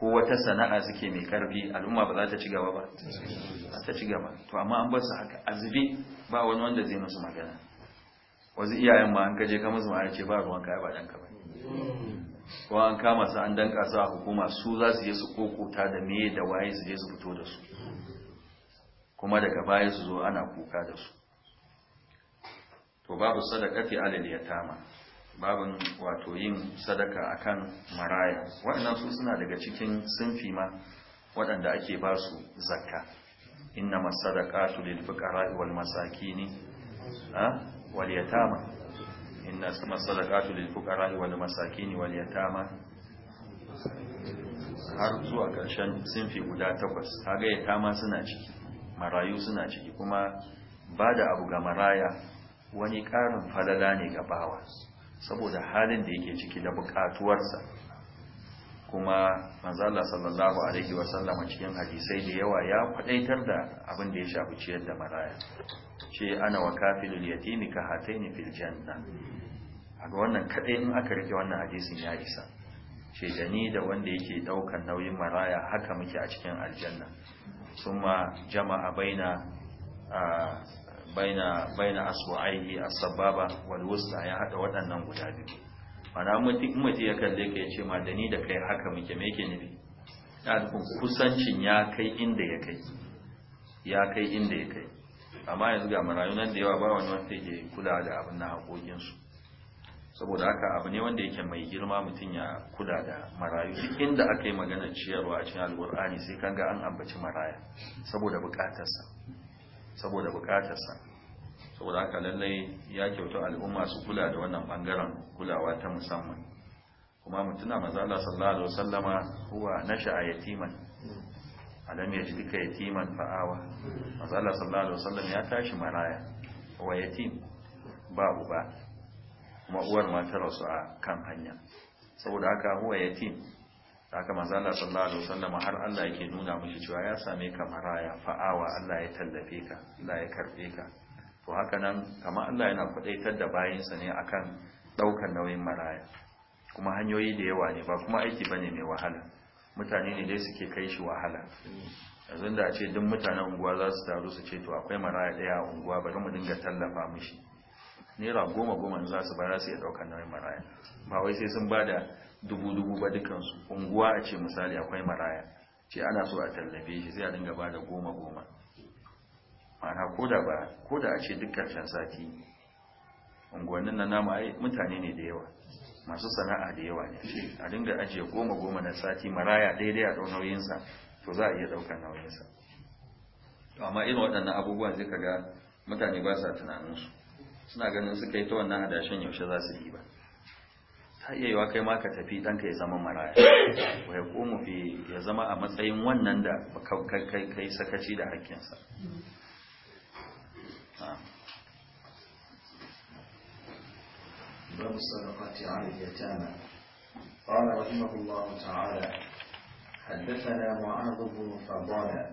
ko wata sana'a suke mai karfi al'umma ba za ta ci gaba ba ta ci gaba to amma an bar su haka azube ba wani wanda zai musu magana wasu iyayen ma an kaje ka musu ma ce ba ruwan kaya ba dan ka ba ko an kama su an danka su a hukuma su za su je su kokota da meye da waye su je su fito da su kuma daga baya su zo ana kuka da su to babu sadaqati alal yatama babin wato yin sadaka akan maraya waɗannan su suna daga cikin sunfi ma waɗanda ake ba su zakka innama sadaqatu lil fuqara'i wal masakin ha wal yatama inna sama sadaqatu lil fuqara'i wal masakin wal yatama har zuwa ƙarshen sunfi guda takwas kaga yatama suna ciki marayu suna ciki kuma ba da abu ga maraya wani ƙarin falala ne ga bawa saboda halin da yake ciki da buƙatuwarsa, kuma manzala sallallahu alaihi wasallam cikin hadisai da yawa ya kwadaitar da abin da ya shafi ciyar da maraya ce ana wa kafilul yatimi ka hataini fil janna ga wannan kadai in aka rike wannan hadisin ya isa ce da ni da wanda yake daukan nauyin maraya haka muke a cikin aljanna summa jama'a baina baina asbu'aihi as-sababa wal wusta ya haɗa waɗannan guda biyu mana mutum mutum ya kalle ka ce ma da ni da kai haka muke me yake nufi ya kusancin ya kai inda ya kai ya kai inda ya kai amma yanzu ga marayu nan da yawa ba wani wanda yake kula da abin na haƙoƙinsu saboda haka abu ne wanda yake mai girma mutum ya kula da marayu duk inda aka yi magana ciyarwa a cikin alƙur'ani sai kan ga an ambaci maraya saboda buƙatarsa saboda bukatarsa saboda haka lallai ya kyautu al'umma su kula da wannan bangaren kulawa ta musamman kuma mutuna mazala sallallahu alaihi wasallama huwa nasha yatiman alam yajidka yatiman fa'awa mazala sallallahu alaihi wasallam ya tashi maraya wa yatim ba uba kuma uwar matar su a kan hanya saboda haka huwa yatim haka manzo Allah sallallahu alaihi wasallam har Allah yake nuna miki cewa ya same ka maraya fa'awa Allah ya tallafe ka Allah ya karbe ka to haka nan kamar Allah yana kudaitar da bayinsa ne akan daukar nauyin maraya kuma hanyoyi da yawa ne ba kuma aiki bane mai wahala mutane ne dai suke kai shi wahala yanzu da a ce duk mutanen unguwa za su taru su ce to akwai maraya daya a unguwa bari mu dinga tallafa mishi naira goma goma za su ba za su iya daukar nauyin maraya ba wai sai sun ba da dubu-dubu ba dukansu unguwa a ce misali akwai maraya ce ana so a tallafe shi sai a dinga ba da goma-goma mana ko ba a ce dukkan can sati unguwannin na nama ai mutane ne da yawa masu sana'a da yawa ne a dinga ajiye goma-goma na sati maraya daidai a ɗau nauyinsa to za a iya ɗaukar nauyinsa amma irin waɗannan abubuwa zai kaga mutane ba sa tunaninsu suna ganin suka yi ta wannan adashin yaushe za su yi ba ta iya yiwa kai ma ka tafi ɗanka ya zama maraya wa ya komu fi ya zama a matsayin wannan da ka kai sakaci da hakkinsa باب الصدقات على اليتامى قال رحمه الله تعالى حدثنا معاذ بن فضالة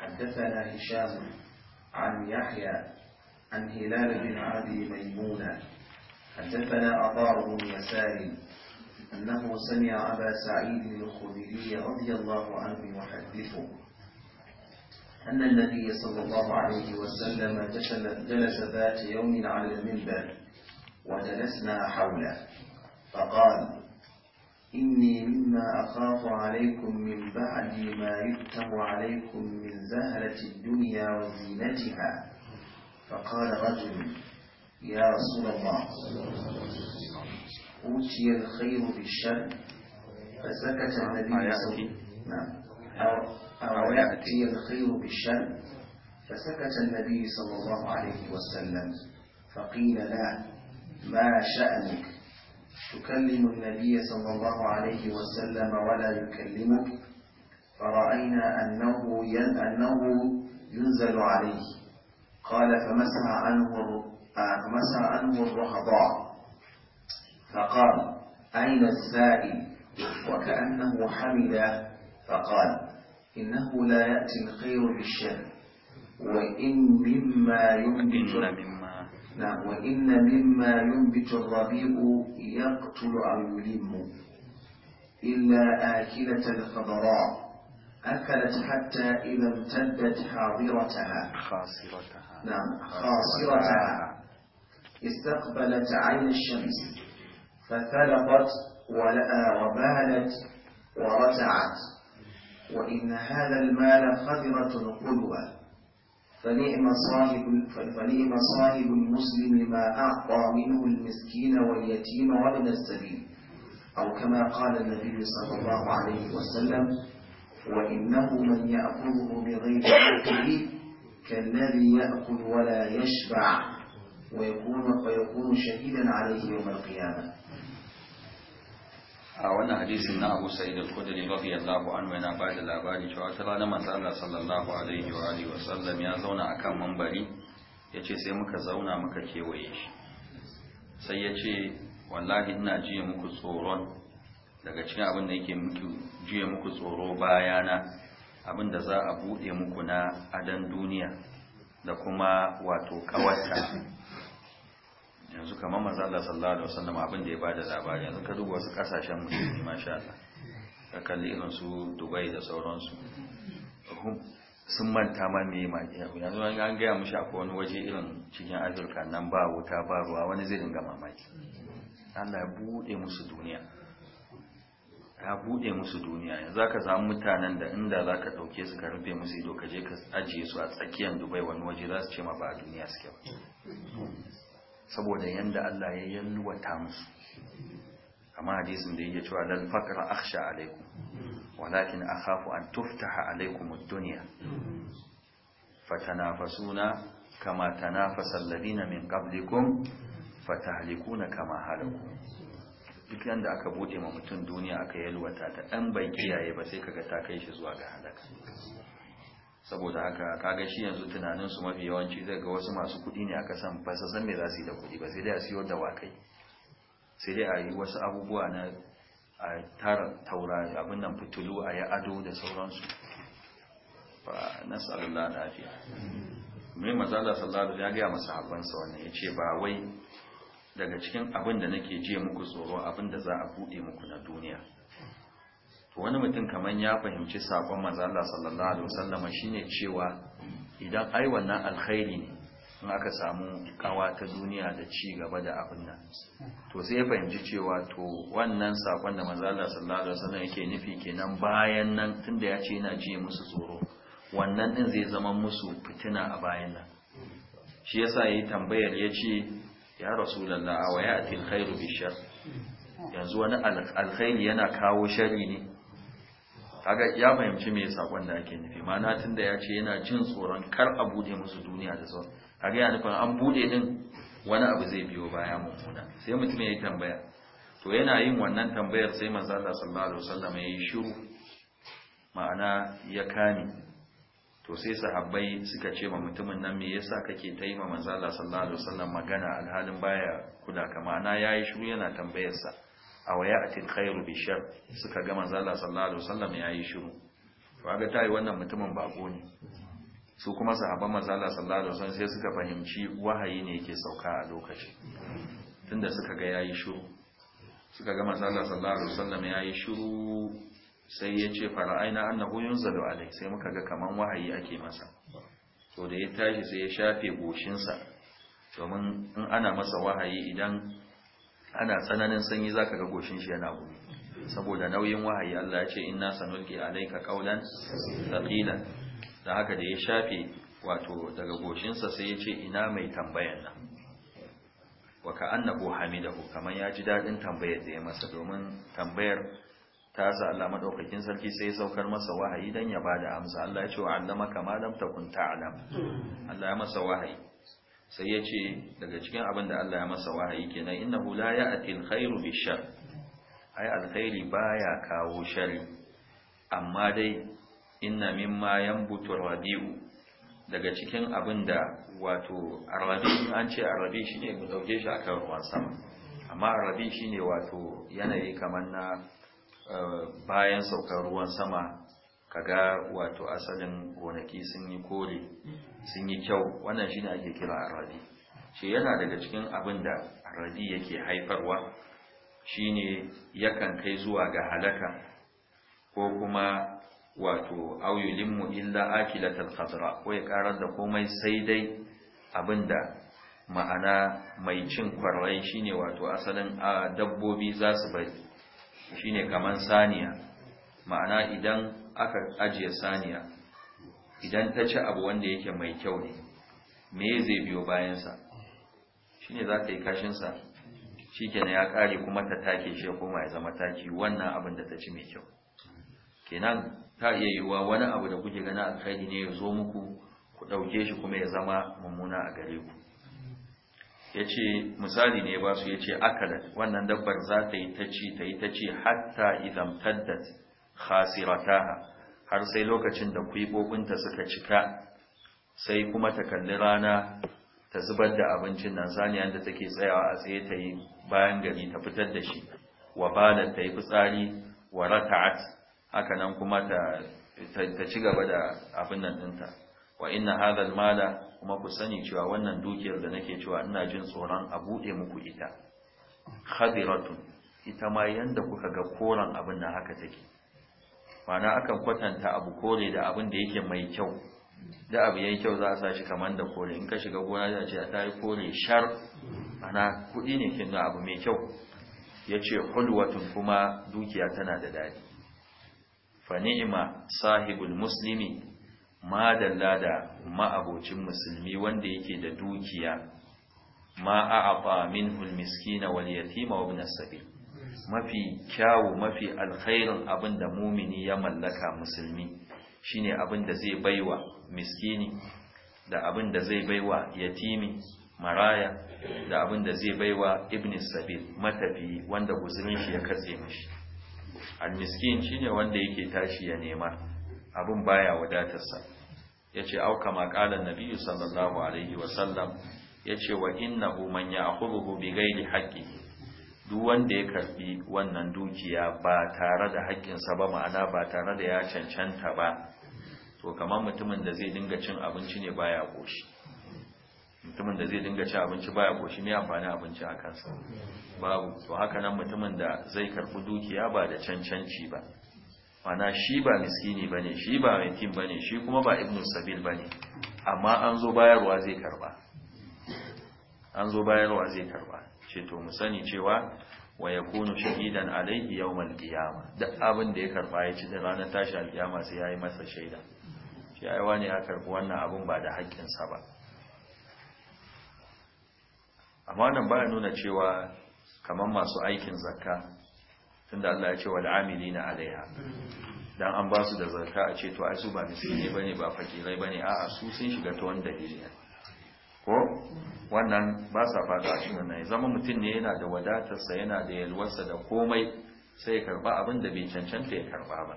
حدثنا هشام an يحيى عن هلال بن ابي ميمونه حدثنا أبار بن يسار أنه سمع أبا سعيد الخدري رضي الله عنه يحدثه أن النبي صلى الله عليه وسلم جلس ذات يوم على المنبر وجلسنا حوله فقال إني مما أخاف عليكم من بعد ما يكتب عليكم من زهرة الدنيا وزينتها فقال رجل يا رسول الله نعم. أوتي الخير بالشر فسكت النبي صلى الله عليه وسلم أو يأتي الخير بالشر فسكت النبي صلى الله عليه وسلم فقيل له ما شأنك تكلم النبي صلى الله عليه وسلم ولا يكلمك فرأينا أنه أنه ينزل عليه قال فمسح عنه فمسى عنه الرهضاء فقال أين السائل وكأنه حمد فقال إنه لا يأتي الخير بالشر وإن مما ينبت نعم وإن مما ينبت الربيع يقتل أو يلم إلا آكلة الخضراء أكلت حتى إذا امتدت حاضرتها خاصرتها نعم خاصرتها استقبلت عين الشمس فثلقت وبالت ورتعت وإن هذا المال خذرة قدوة فنعم صاحب فنعم صاحب المسلم لما أعطى منه المسكين واليتيم وابن السبيل أو كما قال النبي صلى الله عليه وسلم وإنه من يأخذه بغير حقه كالذي يأكل ولا يشبع ويكون ويكون شهيدا عليه يوم القيامه. a wannan hadisin na Abu Sa'id al-Khudri radiyallahu anhu yana ba da labari cewa ta ranar manzo Allah sallallahu alaihi wa alihi wa sallam ya zauna akan mambari yace sai muka zauna muka kewaye shi sai yace wallahi ina jiye muku tsoron daga cikin abin da yake muku jiye muku tsoro bayana abin da za a bude muku na adan duniya da kuma wato kawarta yanzu kamar manzo Allah sallallahu alaihi wasallam abin da ya bada labari yanzu ka duba wasu kasashen musulmi masha Allah ka kalli irin su Dubai da sauransu sun manta ma me ma yanzu an gaya mushi akwai wani waje irin cikin Afirka nan ba wuta ba ruwa wani zai dinga mamaki Allah ya bude musu duniya ya bude musu duniya yanzu ka samu mutanen da inda zaka ka su ka rufe musu ido ka je ka ajiye su a tsakiyar dubai wani waje za su ce ma ba duniya suke ba saboda yanda Allah ya yalwata musu kama hadisin da yake cewa lal faqra akhsha alaikum walakin akhafu an tuftaha alaikum ad-dunya fatanafasuna kama tanafasa alladhina min qablikum fatahlikuna kama halaku duk yanda aka bude ma mutum duniya aka yalwata ta dan bai kiyaye ba sai kaga ta kai shi zuwa ga halaka saboda haka ka ga shi yanzu tunanin su mafi yawanci zai ga wasu masu kudi ne a kasan ba san me za su yi da kudi ba sai dai a siyo da wakai sai dai a yi wasu abubuwa na a tara taura abin nan fitulu a yi ado da sauransu ba na nasallallahu lafiya mai mazala sallallahu ya ga masa habansa wannan ce ba wai daga cikin abin da nake je muku tsoro abin da za a buɗe muku na duniya wani mutum kamar ya fahimci sakon mazala sallallahu alaihi wasallam shine cewa idan ai wannan alkhairi ne in aka samu kawa ta duniya da ci gaba da abin nan to sai ya fahimci cewa to wannan sakon da maza Allah sallallahu alaihi wasallam yake nufi kenan bayan nan tunda ya ce yana ji musu tsoro wannan din zai zama musu fitina a bayan nan shi yasa yayi tambayar yace ya rasulullah wa ya'ti alkhairu bishar yanzu wani alkhairi yana kawo shari ne kaga ya fahimci me sakon da ake nufi ma'ana tunda ya ce yana jin tsoron kar a bude musu duniya da sauran kaga yana nufin an bude din wani abu zai biyo baya mummuna sai mutum ya yi tambaya to yana yin wannan tambayar sai manzo Allah sallallahu alaihi wasallam ya yi shiru ma'ana ya kame to sai sahabbai suka ce ma mutumin nan me yasa kake ta yi ma manzo Allah sallallahu alaihi wasallam magana alhalin baya kula ka ma'ana yayi shiru yana tambayar sa aw ya'ti khairu bi shar suka ga manzo Allah sallallahu alaihi wasallam yi shiru kaga tayi wannan mutumin bako ne su kuma sahabban manzo Allah sallallahu alaihi sai suka fahimci wahayi ne yake sauka a lokaci. tunda suka ga yayi shiru suka ga manzo Allah sallallahu alaihi wasallam yayi shiru sai ya ce fara'aina annahu yunzalu alai sai muka ga kaman wahayi ake masa to da ya tashi sai ya shafe goshinsa domin in ana masa wahayi idan ana tsananin sanyi zaka ga goshin shi yana gumi saboda nauyin wahayi Allah ya ce inna sanulki alayka qaulan thaqila da haka da ya shafe wato daga goshinsa sai ya ce ina mai tambayan nan wa ka annabu hamidahu kamar ya ji dadin tambayar da ya masa domin tambayar ta sa Allah madaukakin sarki sai ya saukar masa wahayi dan ya bada amsa Allah ya ce wa annama kama lam takun alam. Allah ya masa wahayi sai ya ce daga cikin abin da Allah ya masa wahayi kenan innahu hula ya alkhairu bi ai alkhairi baya kawo shari amma dai inna mimma yanbutu rabi'u daga cikin abin da wato arabi an ce arabi shine mu dauke shi akan ruwan sama amma arabi shine wato yanayi kamar na eh, bayan saukar ruwan sama kaga wato asalin gonaki sun yi kore sun yi kyau wannan shine ake kira arabi shi yana daga cikin abin da arabi yake haifarwa shine yakan kai zuwa ga halaka ko kuma wato mu illa akilatul khadra ko ya karar da komai sai dai abinda ma'ana mai cin kwarai shine wato asalin dabbobi za su bari shine kaman saniya ma'ana idan aka ajiye saniya idan ta ci abu wanda yake mai kyau ne me zai biyo bayansa shi ne za ta yi kashinsa shi kenan ya kare kuma ta take shi ya koma ya zama taki wannan abin da ta ci mai kyau kenan ta iya yiwuwa wani abu da kuke gani alkhairi ne ya zo muku ku ɗauke shi kuma ya zama mummuna a gare ku ya ce misali ne ba su ya ce wannan dabbar za ta yi ta ci ta yi ta ci hatta idan taddat khasirataha har sai lokacin da kwibobinta suka cika sai kuma ta kalli rana ta zubar da abincin nan saniyan da take tsayawa a tsaye ta yi bayan gari ta fitar da shi wa bada ta yi fitsari wa raka'at haka nan kuma ta ci gaba da abin nan ɗinta wa inna hadal mala kuma ku sani cewa wannan dukiyar da nake cewa ina jin tsoron a bude muku ita khadiratun ita ma yanda kuka ga koran abin nan haka take mana akan kwatanta abu kore da abin da yake mai kyau da abu yayi kyau za a sa shi kaman da kore in ka shiga gona za a ce ta yi kore shar mana kuɗi ne kin abu mai kyau ya ce hulwatun kuma dukiya tana da daɗi fa ni'ima sahibul muslimi dalla da ma'abocin musulmi wanda yake da dukiya ma a'afa minhu miskina wal yatima wa ibn as-sabil mafi kyawu mafi alkhairin abin da mumini ya mallaka musulmi shine abin da zai baiwa miskini da abin da zai baiwa yatimi maraya da abin da zai baiwa ibn sabil matafi wanda guzurin shi ya katse mishi almiskin shine wanda yake tashi ya nema abin baya wadatarsa yace au kama qala nabiyyu sallallahu alaihi wasallam yace wa innahu man ya'khudhu bi ghairi haqqihi duk wanda ya karbi wannan dukiya ba tare da haƙƙinsa ba ma'ana ba tare da ya cancanta ba to kamar mutumin da zai dinga cin abinci ne baya koshi mutumin da zai dinga cin abinci baya koshi ne amfani abinci a kansa babu to haka nan mutumin da zai karbi dukiya ba da cancanci ba mana shi ba miskini bane shi ba yatim bane shi kuma ba ibnu sabil bane amma an zo bayarwa zai karba an zo bayarwa zai karba ce to mu sani cewa wa yakunu shahidan alayhi yawm al-qiyama duk abin da ya karba ya ci da ranar tashi al-qiyama sai yayi masa shaida shi ai wani ya karbi wannan abin ba da haƙƙin sa ba amma ba baya nuna cewa kaman masu aikin zakka tunda Allah ya ce wal amilina alaiha dan an ba su da zakka a ce to ai su ba miskini bane ba fakirai bane a'a su sun shiga ta wanda dalili ko wannan ba sa fata a cikin nan zama mutum ne yana da wadatarsa yana da yalwarsa da komai sai ya karba abin da bai cancanta ya karba ba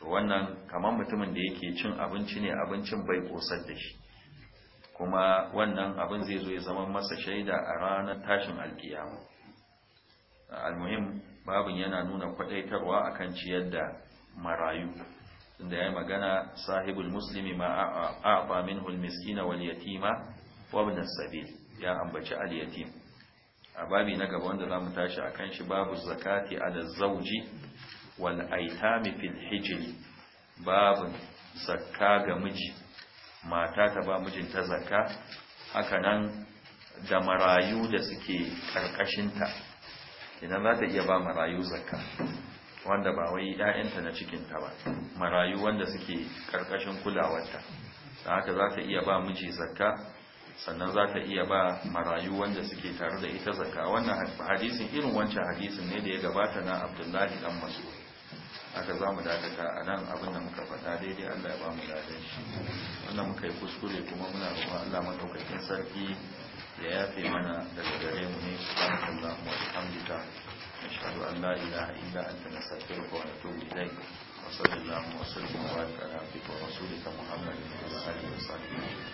to wannan kamar mutumin da yake cin abinci ne abincin bai kosar da shi kuma wannan abin zai zo ya zama masa shaida a ranar tashin alkiyama almuhim babin yana nuna kwadaitarwa akan ciyar da marayu inda ya magana sahibul muslimi ma a'ba minhu al-miskina wal yatima wabin sabil ya ambaci al a babi na gaba wanda zamu tashi a kan shi babu zakati ala zawji wal aitami fil hijri babu zakka ga miji mata ta ba mijinta zakka haka nan da marayu da suke karkashinta idan za ta iya ba marayu zakka wanda ba wai ‘ya'yanta na cikinta ba marayu wanda suke ƙarƙashin kulawarta da haka za ta iya ba miji zakka sannan za ta iya ba marayu wanda suke tare da ita zaka wannan hadisin irin wancan hadisin ne da ya gabata na abdullahi dan masu aka za mu dakata a nan abin da muka faɗa daidai allah ya ba mu ladan shi wannan muka yi kuskure kuma muna roƙon allah maɗaukakin sarki da ya fi mana daga gare mu ne subhanallahi wa bihamdika nashhadu an la ilaha illa anta nastaghfiruka wa natubu ilayk وصلى الله وسلم وبارك على عبدك ورسولك محمد وعلى اله وصحبه